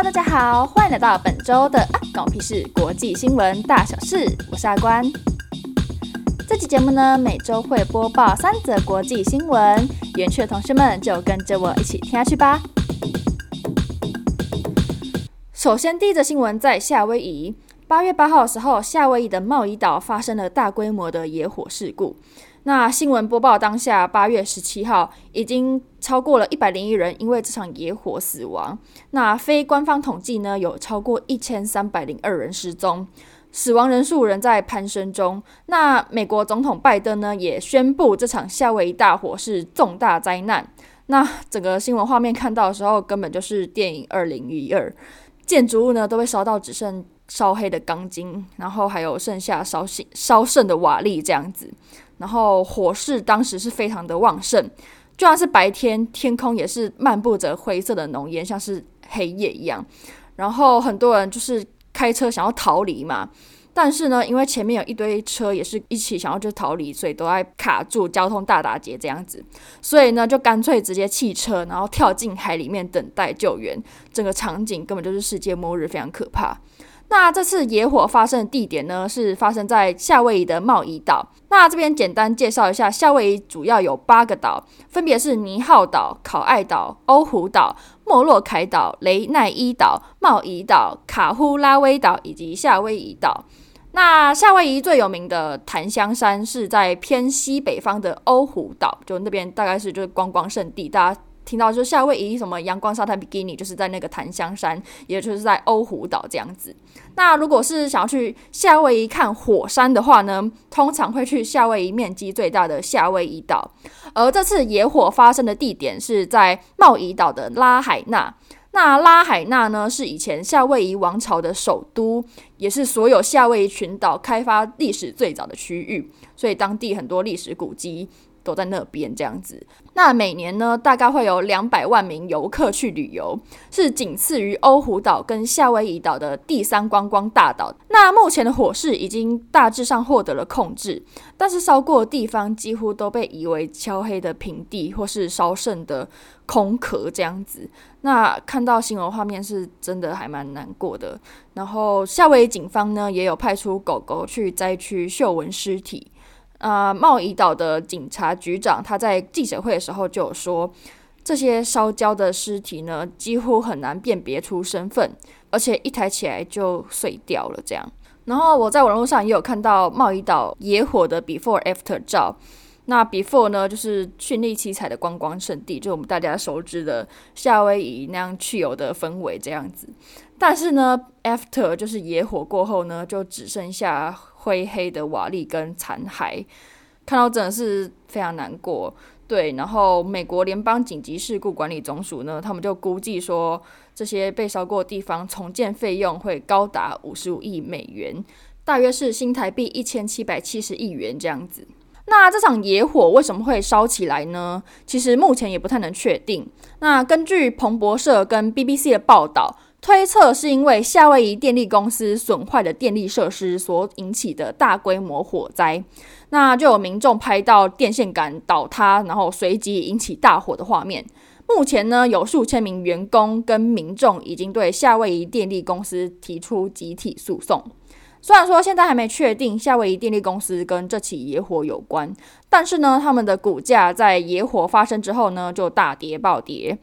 大家好，歡迎來到本周的《阿關我屁事》國際新聞大小事，我是阿關。這期節目呢，每周會播報三則國際新聞。園區的同學們就跟着我一起聽下去吧。首先，第一則新聞在夏威夷，八月八號的時候，夏威夷的茂宜島發生了大規模的野火事故。那新聞播報當下，八月十七號已經超過了一百零一人，因為這場野火死亡。那非官方統計呢，有超過一千三百零二人失蹤，死亡人數仍在攀升中。那美國總統拜登呢，也宣布這場夏威夷大火是重大災難。那整個新聞畫面看到的時候，根本就是電影二零一二，建築物呢都被燒到只剩燒黑的鋼筋，然後還有剩下燒剩燒剩的瓦礫這樣子。然後火勢當時是非常的旺盛，就算是白天，天空也是漫布着灰色的濃煙，像是黑夜一樣。然後很多人就是開車想要逃離嘛，但是呢，因為前面有一堆車也是一起想要就逃離，所以都在卡住交通大打結這樣子。所以呢，就乾脆直接棄車，然後跳進海裡面等待救援。整個場景根本就是世界末日，非常可怕。那這次野火發生的地點呢，是發生在夏威夷的茂宜島。那這邊簡單介紹一下，夏威夷主要有八個島，分別是尼豪島、考愛島、歐胡島、莫洛凱島、雷奈伊島、茂宜島、卡胡拉威島以及夏威夷島。那夏威夷最有名的檀香山是在偏西北方的歐胡島，就那邊大概是就是觀光勝地，大家。聽到就是夏威夷什麼陽光沙灘比基尼，就是在那個檀香山，也就是在歐胡島這樣子。那如果是想要去夏威夷看火山的話呢，通常會去夏威夷面積最大的夏威夷島。而這次野火發生的地點是在茂宜島的拉海納。那拉海納呢，是以前夏威夷王朝的首都，也是所有夏威夷群島開發歷史最早的區域，所以當地很多歷史古蹟，都在那邊這樣子。那每年呢，大概會有兩百萬名遊客去旅遊，是僅次於歐胡島跟夏威夷島的第三觀光大島。那目前的火勢已經大致上獲得了控制，但是燒過的地方幾乎都被夷為焦黑的平地或是燒剩的空殼這樣子。那看到新聞畫面是真的還蠻難過的。然後夏威夷警方呢，也有派出狗狗去災區嗅聞屍體。啊，茂宜島的警察局長他在記者會的時候就有說：“這些燒焦的屍體呢，幾乎很難辨別出身份，而且一抬起來就碎掉了。”這樣。然後我在網絡上也有看到茂宜島野火的 before after 照。那 before 呢，就是絢麗七彩的觀光勝地，就我們大家熟知的夏威夷那樣去遊的氛圍這樣子。但是呢，after 就是野火過後呢，就只剩下。灰黑的瓦礫跟殘骸，看到真的是非常難過。對，然後美國聯邦緊急事故管理總署呢，他們就估計說，這些被燒過的地方重建費用會高達五十五億美元，大約是新台幣一千七百七十億元這樣子。那這場野火為什麼會燒起來呢？其實目前也不太能確定。那根據彭博社跟 BBC 的報道，推測是因為夏威夷電力公司損壞的電力設施所引起的大規模火災，那就有民眾拍到電線桿倒塌，然後隨即引起大火的畫面。目前呢，有數千名員工跟民眾已經對夏威夷電力公司提出集體訴訟。雖然說現在還沒確定夏威夷電力公司跟這起野火有關，但是呢，他們的股價在野火發生之後呢，就大跌暴跌。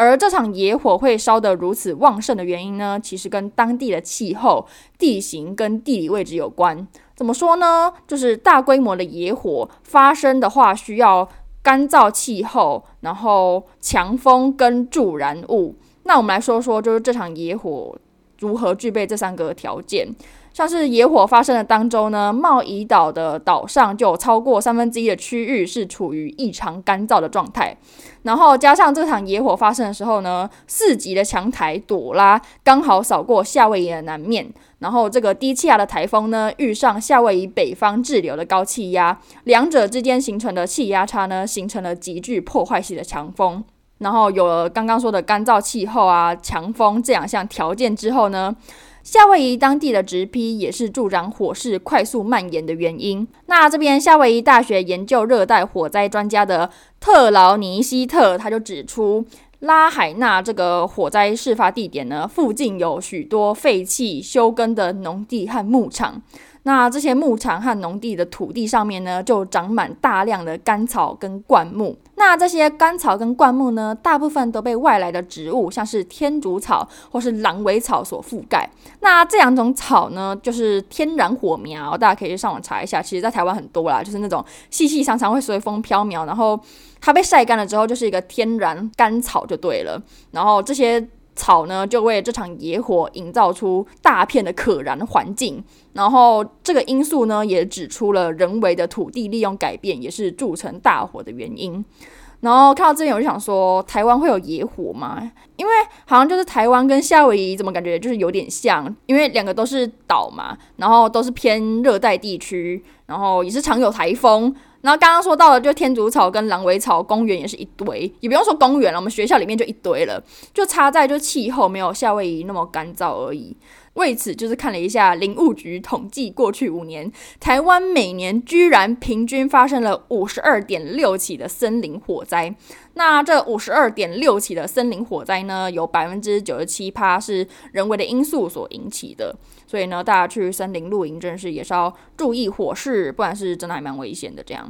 而這場野火會燒得如此旺盛的原因呢，其實跟當地的氣候、地形跟地理位置有關。怎麼說呢？就是大規模的野火發生的話，需要乾燥氣候，然後強風跟助燃物。那我們來說說，就是這場野火如何具備這三個條件。像是野火發生的當周呢，茂宜島的島上就有超過三分之一的區域是處於異常乾燥的狀態。然後加上這場野火發生的時候呢，四級的強台朵拉剛好掃過夏威夷的南面。然後這個低氣壓的台風呢，遇上夏威夷北方滯留的高氣壓，兩者之間形成的氣壓差呢，形成了極具破壞性的強風。然後有了剛剛說的乾燥氣候啊、強風這兩項條件之後呢。夏威夷當地的植被，也是助長火勢快速蔓延的原因。那這邊夏威夷大學研究熱帶火災專家的特勞尼希特，他就指出，拉海納這個火災事發地點呢，附近有許多廢棄休耕的農地和牧場。那這些牧場和農地的土地上面呢，就長滿大量的乾草跟灌木。那這些乾草跟灌木呢，大部分都被外來的植物，像是天竺草或是狼尾草所覆蓋。那這兩種草呢，就是天然火苗，大家可以上網查一下。其實，在台灣很多啦，就是那種細細長長會隨風飄渺，然後它被曬乾了之後，就是一個天然乾草就對了。然後這些。草呢，就為這場野火營造出大片的可燃環境，然後這個因素呢，也指出了人為的土地利用改變也是鑄成大火的原因。然後看到這邊我就想說，台灣會有野火嗎？因為好像就是台灣跟夏威夷怎麼感覺就是有點像，因為兩個都是島嘛，然後都是偏熱帶地區，然後也是常有颱風。然後剛剛說到的就天竺草跟狼尾草公園也是一堆，也不用說公園了，我們學校裡面就一堆了，就差在就氣候沒有夏威夷那麼乾燥而已。為此，就是看了一下林務局統計，過去五年，台灣每年居然平均發生了五十二點六起的森林火災。那這五十二點六起的森林火災呢，有百分之九十七是人為的因素所引起的。所以呢，大家去森林露營，真的是也是要注意火勢，不然是真的還蠻危險的。這樣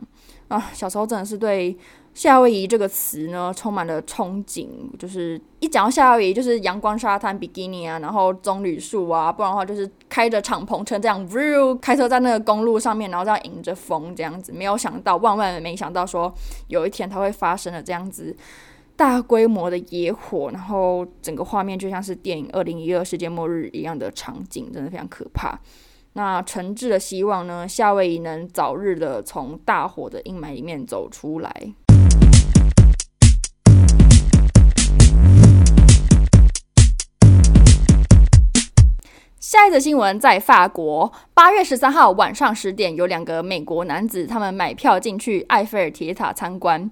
啊，小時候真的是對。夏威夷這個詞呢，充滿了憧憬，就是一講到夏威夷，就是陽光、沙灘、比基尼啊，然後棕櫚樹啊，不然的話就是開着敞篷車這樣，嗚，開車在那個公路上面，然後這樣迎着風這樣子。沒有想到，萬萬沒想到，說有一天它會發生了這樣子大規模的野火，然後整個畫面就像是電影《2012》世界末日一樣的場景，真的非常可怕。那誠摯的希望呢，夏威夷能早日的從大火的陰霾裡面走出來。下一則新聞在法國，八月十三號晚上十點，有兩個美國男子，他們買票進去埃菲爾鐵塔參觀，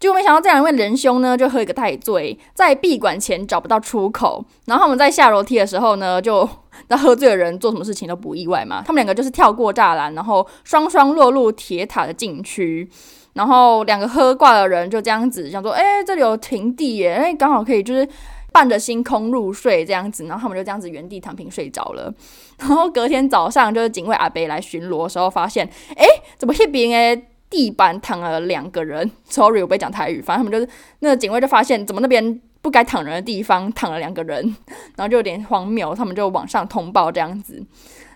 結果沒想到這兩位仁兄呢，就喝一個太醉，在閉館前找不到出口，然後他們在下樓梯的時候呢，就那喝醉的人做什麼事情都不意外嘛，他們兩個就是跳過柵欄，然後雙雙落入鐵塔的禁區，然後兩個喝掛的人就這樣子想說，哎、欸，這裡有平地耶，哎、欸，剛好可以就是。伴着星空入睡，這樣子，然後他們就這樣子原地躺平睡着了。然後隔天早上，就是警衛阿北來巡邏的時候，發現，哎，怎麼那邊哎地板躺了兩個人？Sorry，我不會講台語，反正他們就是那個警衛就發現，怎麼那邊不該躺人的地方躺了兩個人，然後就有點荒謬，他們就往上通報這樣子。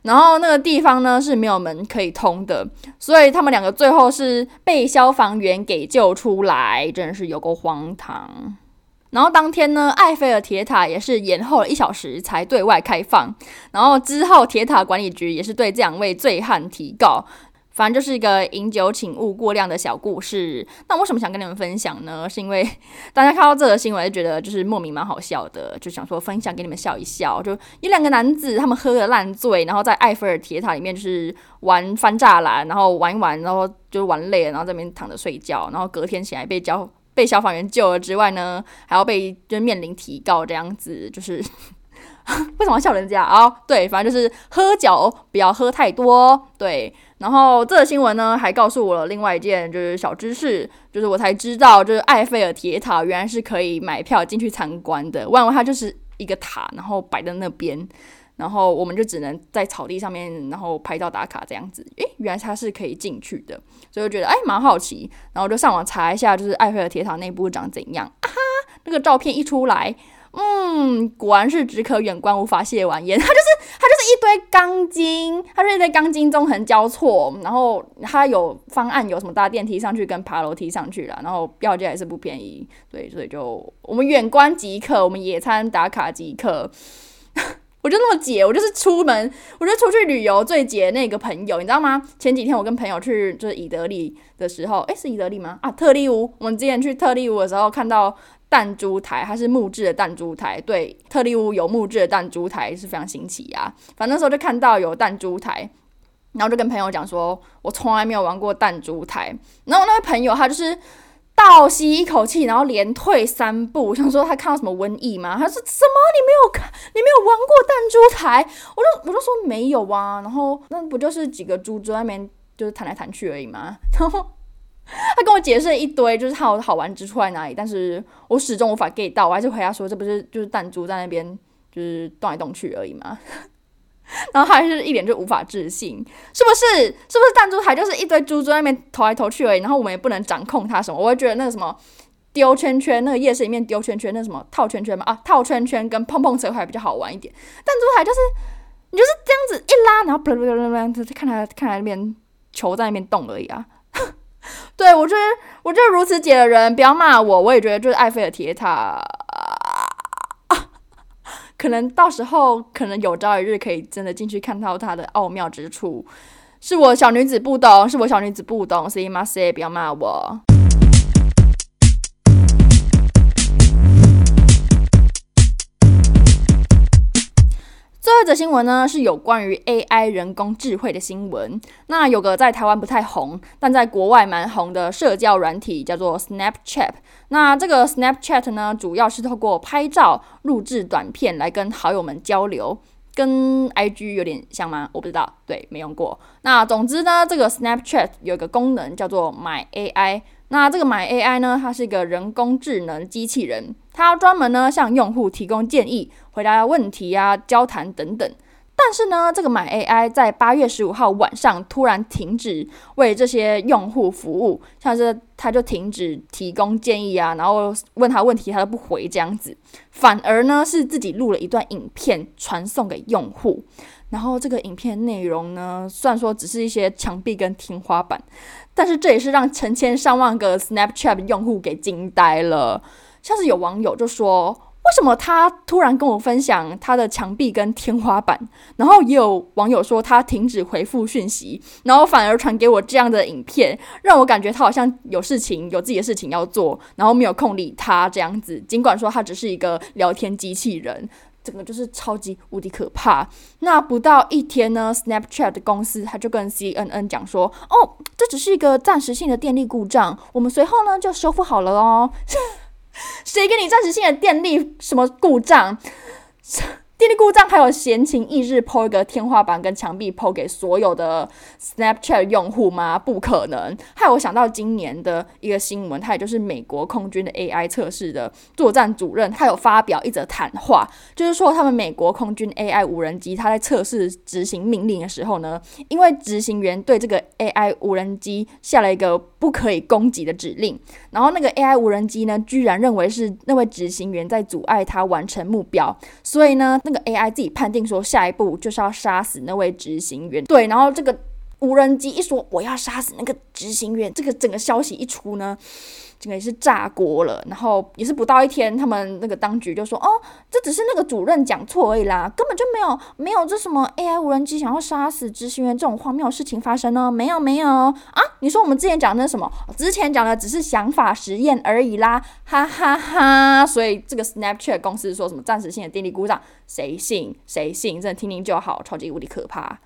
然後那個地方呢是沒有門可以通的，所以他們兩個最後是被消防員給救出來，真的是有夠荒唐。然後當天呢，埃菲爾鐵塔也是延後了一小時才對外開放。然後之後，鐵塔管理局也是對這兩位醉漢提告，反正就是一個飲酒請勿過量的小故事。那我為什麼想跟你們分享呢？是因為大家看到這個新聞就覺得就是莫名蠻好笑的，就想說分享給你們笑一笑。就有兩個男子，他們喝了爛醉，然後在埃菲爾鐵塔裡面就是玩翻柵欄，然後玩一玩，然後就玩累了，然後在那邊躺着睡覺，然後隔天起來被交。被消防員救了之外呢，還要被就面臨提告這樣子，就是 為什麼要笑人家啊？Oh, 對，反正就是喝酒不要喝太多。對，然後這個新聞呢，還告訴我了另外一件就是小知識，就是我才知道，就是埃菲爾鐵塔原來是可以買票進去參觀的，我以為它就是一個塔，然後擺在那邊。然後我們就只能在草地上面，然後拍照打卡這樣子。誒，原來它是可以進去的，所以我覺得哎蠻好奇。然後就上網查一下，就是埃菲爾鐵塔內部長怎樣？啊哈，那個照片一出來，嗯，果然是只可遠觀，無法褻玩焉。它就是它就是一堆鋼筋，它是一堆鋼筋縱橫交錯。然後它有方案，有什麼搭電梯上去跟爬樓梯上去了。然後票價也是不便宜，對，所以就我們遠觀即可，我們野餐打卡即可。我就那麼解，我就是出門，我就是出去旅遊最解那個朋友，你知道嗎？前幾天我跟朋友去就是以德利的時候，誒、欸，是以德利嗎？啊，特利烏。我們之前去特利烏的時候，看到彈珠台，它是木質的彈珠台，對，特利烏有木質的彈珠台是非常新奇啊。反正那時候就看到有彈珠台，然後就跟朋友講說，我從來沒有玩過彈珠台。然後我那位朋友他就是。倒吸一口氣，然後連退三步，我想說他看到什麼瘟疫嗎？他說什麼？你沒有看，你沒有玩過彈珠台？我就我就說沒有啊，然後那不就是幾個珠珠在那邊就是彈來彈去而已嗎？然後他跟我解釋了一堆，就是他有好玩之處在哪裡，但是我始終無法 get 到，我還是回答說這不是就是彈珠在那邊就是動來動去而已嗎？然後還是一臉就無法置信，是不是？是不是彈珠台就是一堆珠珠在那邊投來投去而已？然後我們也不能掌控它什麼？我會覺得那個什麼丟圈圈，那個夜市裡面丟圈圈，那什麼套圈圈嘛？啊，套圈圈跟碰碰車還比較好玩一點。彈珠台就是你就是這樣子一拉，然後噗噗噗噗噗噗，就看他看他那邊球在那邊動而已啊。 對，我就是我就是如此解的人，不要罵我，我也覺得就是艾菲爾鐵塔。可能到時候，可能有朝一日可以真的進去看到他的奧妙之處，是我小女子不懂，是我小女子不懂，所以媽 C 不要罵我。最後一則新聞呢，是有關於 AI 人工智慧的新聞。那有個在台灣不太紅，但在國外蠻紅的社交軟體，叫做 Snapchat。那這個 Snapchat 呢，主要是透過拍照、錄製短片來跟好友們交流，跟 IG 有點像嗎？我不知道，對，沒用過。那總之呢，這個 Snapchat 有個功能叫做 My AI。那這個 My AI 呢，它是一個人工智能機器人。他專門呢向用戶提供建議、回答問題啊、交談等等。但是呢，這個 My AI 在八月十五號晚上突然停止為這些用戶服務，像是他就停止提供建議啊，然後問他問題他都不回這樣子。反而呢是自己錄了一段影片傳送給用戶，然後這個影片內容呢，雖然說只是一些牆壁跟天花板，但是這也是讓成千上萬個 Snapchat 用戶給驚呆了。像是有網友就說：“為什麼他突然跟我分享他的牆壁跟天花板？”然後也有網友說他停止回復訊息，然後反而傳給我這樣的影片，讓我感覺他好像有事情、有自己的事情要做，然後沒有空理他這樣子。儘管說他只是一個聊天機器人，整、這個就是超級無敵可怕。那不到一天呢，Snapchat 的公司他就跟 CNN 講說：“哦，這只是一個暫時性的電力故障，我們隨後呢就修復好了哦。” 誰給你暫時性的電力什麼故障？電力故障還有閒情逸致，PO 一個天花板跟牆壁 PO 給所有的 Snapchat 用戶嗎？不可能！害我想到今年的一個新聞，他也就是美國空軍的 AI 測試的作戰主任，他有發表一則談話，就是說他們美國空軍 AI 無人機，他在測試執行命令的時候呢，因為執行員對這個 AI 無人機下了一個不可以攻擊的指令，然後那個 AI 無人機呢，居然認為是那位執行員在阻礙他完成目標，所以呢，那個 AI 自己判定說，下一步就是要殺死那位執行員。對，然後這個。無人機一說我要殺死那個執行員，這個整個消息一出呢，整個也是炸鍋了。然後也是不到一天，他們那個當局就說，哦，這只是那個主任講錯而已啦，根本就沒有沒有這什麼 AI 無人機想要殺死執行員這種荒謬的事情發生呢，沒有沒有啊！你說我們之前講的那是什麼，之前講的只是想法實驗而已啦，哈哈哈哈。所以這個 Snapchat 公司說什麼暫時性的電力故障，誰信誰信，真的聽聽就好，超級無敵可怕。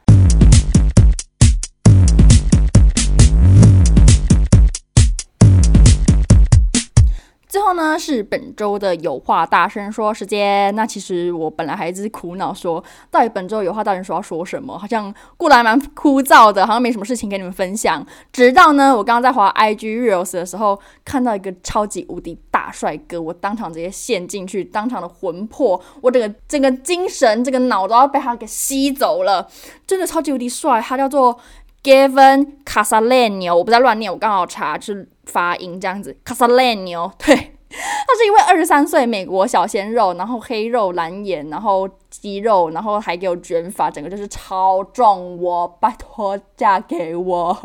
最後呢，是本周的有話大聲說時間。那其實我本來還一直苦惱說，到底本周有話大聲說要說什麼，好像過得還蠻枯燥的，好像沒什麼事情跟你們分享。直到呢，我剛剛在滑 IG reels 的時候，看到一個超級無敵大帥哥，我當場直接陷進去，當場的魂魄，我整個整個精神，整個腦都要被他給吸走了，真的超級無敵帥。他叫做 Gavin Casalegno，我不再亂念，我剛好查是。發音這樣子 c a s a l a i 牛。對，他是一位二十三歲美國小鮮肉，然後黑肉藍眼，然後肌肉，然後還給我捲髮，整個就是超壯我，拜託嫁給我，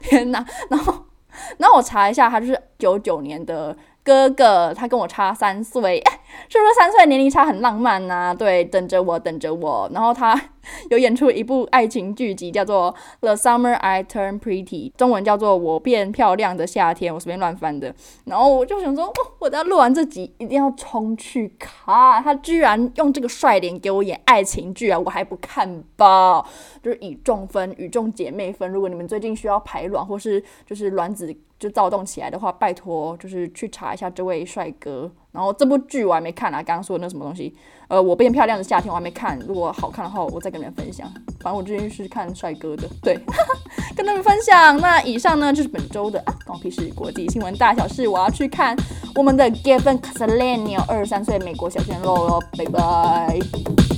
天哪！然後，那我查一下，他就是九九年的哥哥，他跟我差三歲，是不是三歲的年齡差很浪漫吶、啊？對，等着我，等着我，然後他。 有演出一部愛情劇集，叫做《The Summer I Turn Pretty》，中文叫做《我變漂亮的夏天》，我隨便亂翻的。然後我就想說，哦、我在錄完這集，一定要衝去看。他居然用這個帥臉給我演愛情劇啊，我還不看吧？就是與眾分，與眾姐妹分。如果你們最近需要排卵，或是就是卵子就躁動起來的話，拜託，就是去查一下這位帥哥。然後這部劇我還沒看啊，剛剛說的那什麼東西，呃，我變漂亮的夏天我還沒看，如果好看的話我再跟你們分享。反正我最近是看帥哥的，對， 跟他們分享。那以上呢，就是本周的狗屁、啊、是國際新聞大小事，我要去看我們的 Gavin Casalegno，二十三歲美國小鮮肉了，拜拜。